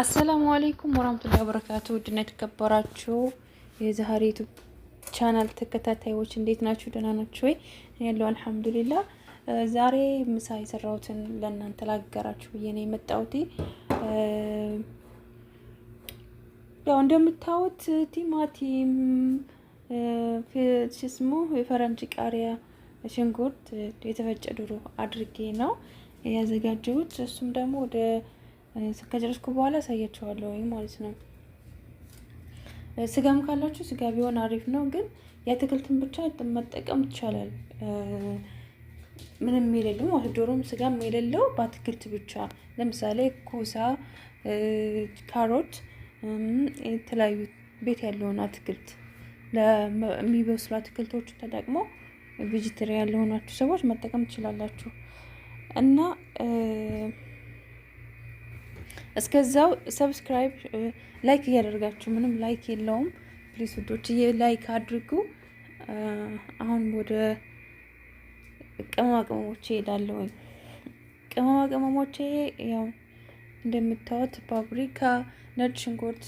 አሰላሙ አለይኩም ወራህመቱላሂ ወበረካቱ። ውድና የተከበራችሁ የዛሬ ዩቱብ ቻናል ተከታታዮች እንዴት ናችሁ? ደህና ናችሁ ወይ? ያለው አልሐምዱሊላ። ዛሬ ምሳ የሰራሁትን ለእናንተ ላገራችሁ ብዬ ነው የመጣሁት። ያው እንደምታዩት ቲማቲም ስሙ የፈረንጅ ቃሪያ፣ ሽንኩርት፣ የተፈጨ ዶሮ አድርጌ ነው ያዘጋጀሁት። እሱም ደግሞ ወደ ከጨረስኩ በኋላ አሳያቸዋለሁ ማለት ነው። ስጋም ካላችሁ ስጋ ቢሆን አሪፍ ነው፣ ግን የአትክልትን ብቻ መጠቀም ይቻላል። ምንም የሌለው ማለት ዶሮም ስጋም የሌለው በአትክልት ብቻ ለምሳሌ ኮሳ፣ ካሮት፣ የተለያዩ ቤት ያለውን አትክልት ለሚበስሉ አትክልቶች ተጠቅሞ ቬጅተሪያን ለሆናችሁ ሰዎች መጠቀም ትችላላችሁ እና እስከዛው ሰብስክራይብ፣ ላይክ እያደረጋችሁ ምንም ላይክ የለውም። ፕሊስ ውዶች ላይክ አድርጉ። አሁን ወደ ቅመማ ቅመሞች እሄዳለሁ። ቅመማ ቅመሞቼ ያው እንደምታዩት ፓፕሪካ፣ ነጭ ሽንኩርት፣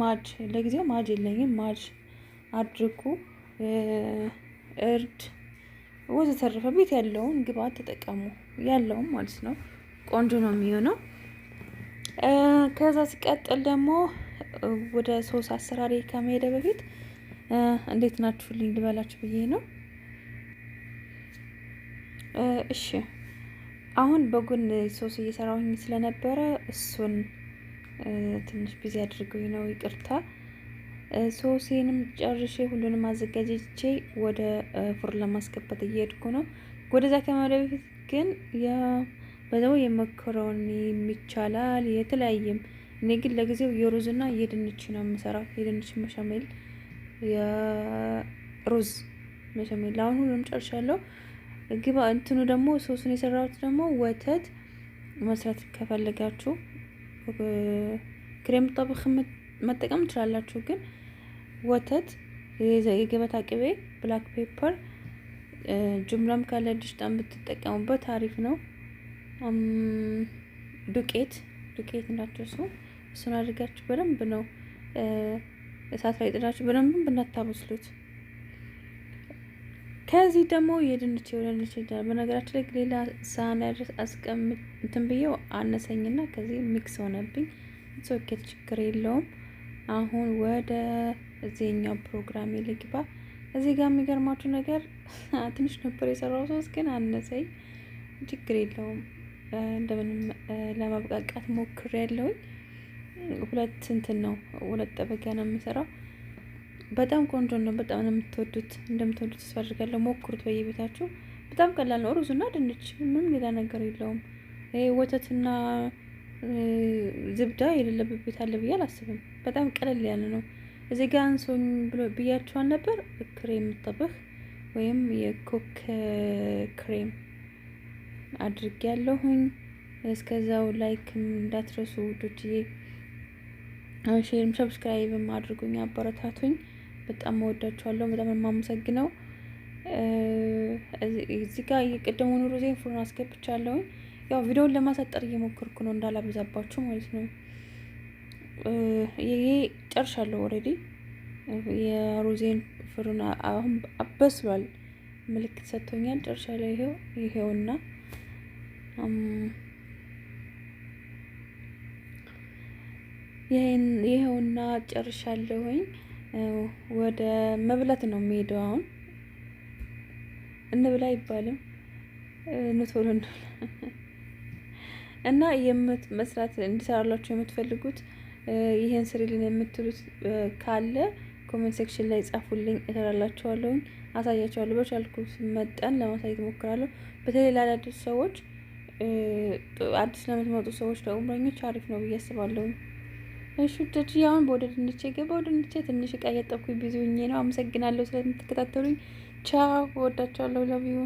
ማጅ ለጊዜው ማጅ የለኝም። ማጅ አድርጉ፣ እርድ ወዘተረፈ ቤት ያለውን ግብአት ተጠቀሙ። ያለውም ማለት ነው ቆንጆ ነው የሚሆነው። ከዛ ሲቀጥል ደግሞ ወደ ሶስ አሰራሪ ከመሄደ በፊት እንዴት ናችሁ ልበላችሁ ብዬ ነው። እሺ አሁን በጎን ሶስ እየሰራሁኝ ስለነበረ እሱን ትንሽ ቢዚ አድርገው ነው ይቅርታ። ሶሴንም ጨርሼ ሁሉንም አዘጋጅቼ ወደ ፉር ለማስገባት እየሄድኩ ነው። ወደዛ ከመሄደ በፊት ግን በዛው የመኮረኒ የሚቻላል የተለያየም። እኔ ግን ለጊዜው የሩዝና የድንች ነው የምሰራው። የድንች መሸሜል፣ የሩዝ መሸሜል። አሁን ሁሉም ጨርሻለሁ። ግባ እንትኑ ደግሞ ሶስቱን የሰራሁት ደግሞ ወተት መስራት ከፈለጋችሁ ክሬም ጠብክ መጠቀም ትችላላችሁ። ግን ወተት፣ የገበታ ቅቤ፣ ብላክ ፔፐር ጅምላም ካለ ድሽጣን ብትጠቀሙበት አሪፍ ነው። ዱቄት ዱቄት እንዳትረሱ። እሱን አድርጋችሁ በደንብ ነው እሳት ላይ ጥዳችሁ በደንብ እንዳታበስሉት። ከዚህ ደግሞ የድንች የወለል ይችላል። በነገራችን ላይ ሌላ ሳህን ላይ ድረስ አስቀምጥ እንትን ብዬው አነሰኝና ከዚህ ሚክስ ሆነብኝ። ሶኬት ችግር የለውም። አሁን ወደ እዚህኛው ፕሮግራም ልግባ። እዚህ ጋር የሚገርማችሁ ነገር ትንሽ ነበር የሰራው ሶስት ግን አነሰኝ። ችግር የለውም። እንደምንም ለማብቃቃት ሞክር ያለውኝ። ሁለት እንትን ነው ሁለት ጠበቂያ ነው የምሰራው። በጣም ቆንጆ ነው። በጣም ነው የምትወዱት። እንደምትወዱት ተስፋ አድርጋለሁ። ሞክሩት በየቤታችሁ። በጣም ቀላል ነው። ሩዝና ድንች ምንም ሌላ ነገር የለውም። ይሄ ወተትና ዝብዳ የሌለበት ቤት አለ ብዬ አላስብም። በጣም ቀለል ያለ ነው። እዚህ ጋር አንሶኝ ብሎ ብያችኋል ነበር። ክሬም ጠብህ ወይም የኮክ ክሬም አድርጌ ያለሁኝ። እስከዛው ላይክ እንዳትረሱ ውዶችዬ፣ ሼርም ሰብስክራይብም አድርጉኝ፣ አበረታቱኝ። በጣም እወዳችኋለሁ። በጣም የማመሰግነው እዚህ ጋር ኑሮ ዜን ፉርን አስገብቻለሁኝ። ያው ቪዲዮውን ለማሳጠር እየሞከርኩ ነው እንዳላበዛባችሁ ማለት ነው። ይሄ ጨርሻለሁ ኦልሬዲ የሩዜን ፍሩን አሁን አበስሏል፣ ምልክት ሰጥቶኛል። ጨርሻለሁ። ይሄው ይሄውና ይኸውና ጨርሻለሁኝ። ወደ መብላት ነው የሚሄደው። አሁን እንብላ አይባልም እንቶሎ እና የምት መስራት እንዲሰራላችሁ የምትፈልጉት ይሄን ስሪልን የምትሉት ካለ ኮሜንት ሴክሽን ላይ ጻፉልኝ፣ እሰራላችኋለሁኝ፣ አሳያችኋለሁ። በቻልኩት መጠን ለማሳየት ሞክራለሁ። በተለይ ላዳድስ ሰዎች አዲስ ለምትመጡ ሰዎች ለኡምረኞች አሪፍ ነው ብዬ አስባለሁ። እሺ ውዶች አሁን በወደ ድንቼ ገባ። ወደ ድንቼ ትንሽ እቃ እያጠብኩኝ ቢዚ ሆኜ ነው። አመሰግናለሁ ስለምትከታተሉኝ። ቻው። ወዳቸዋለሁ። ለቪዩ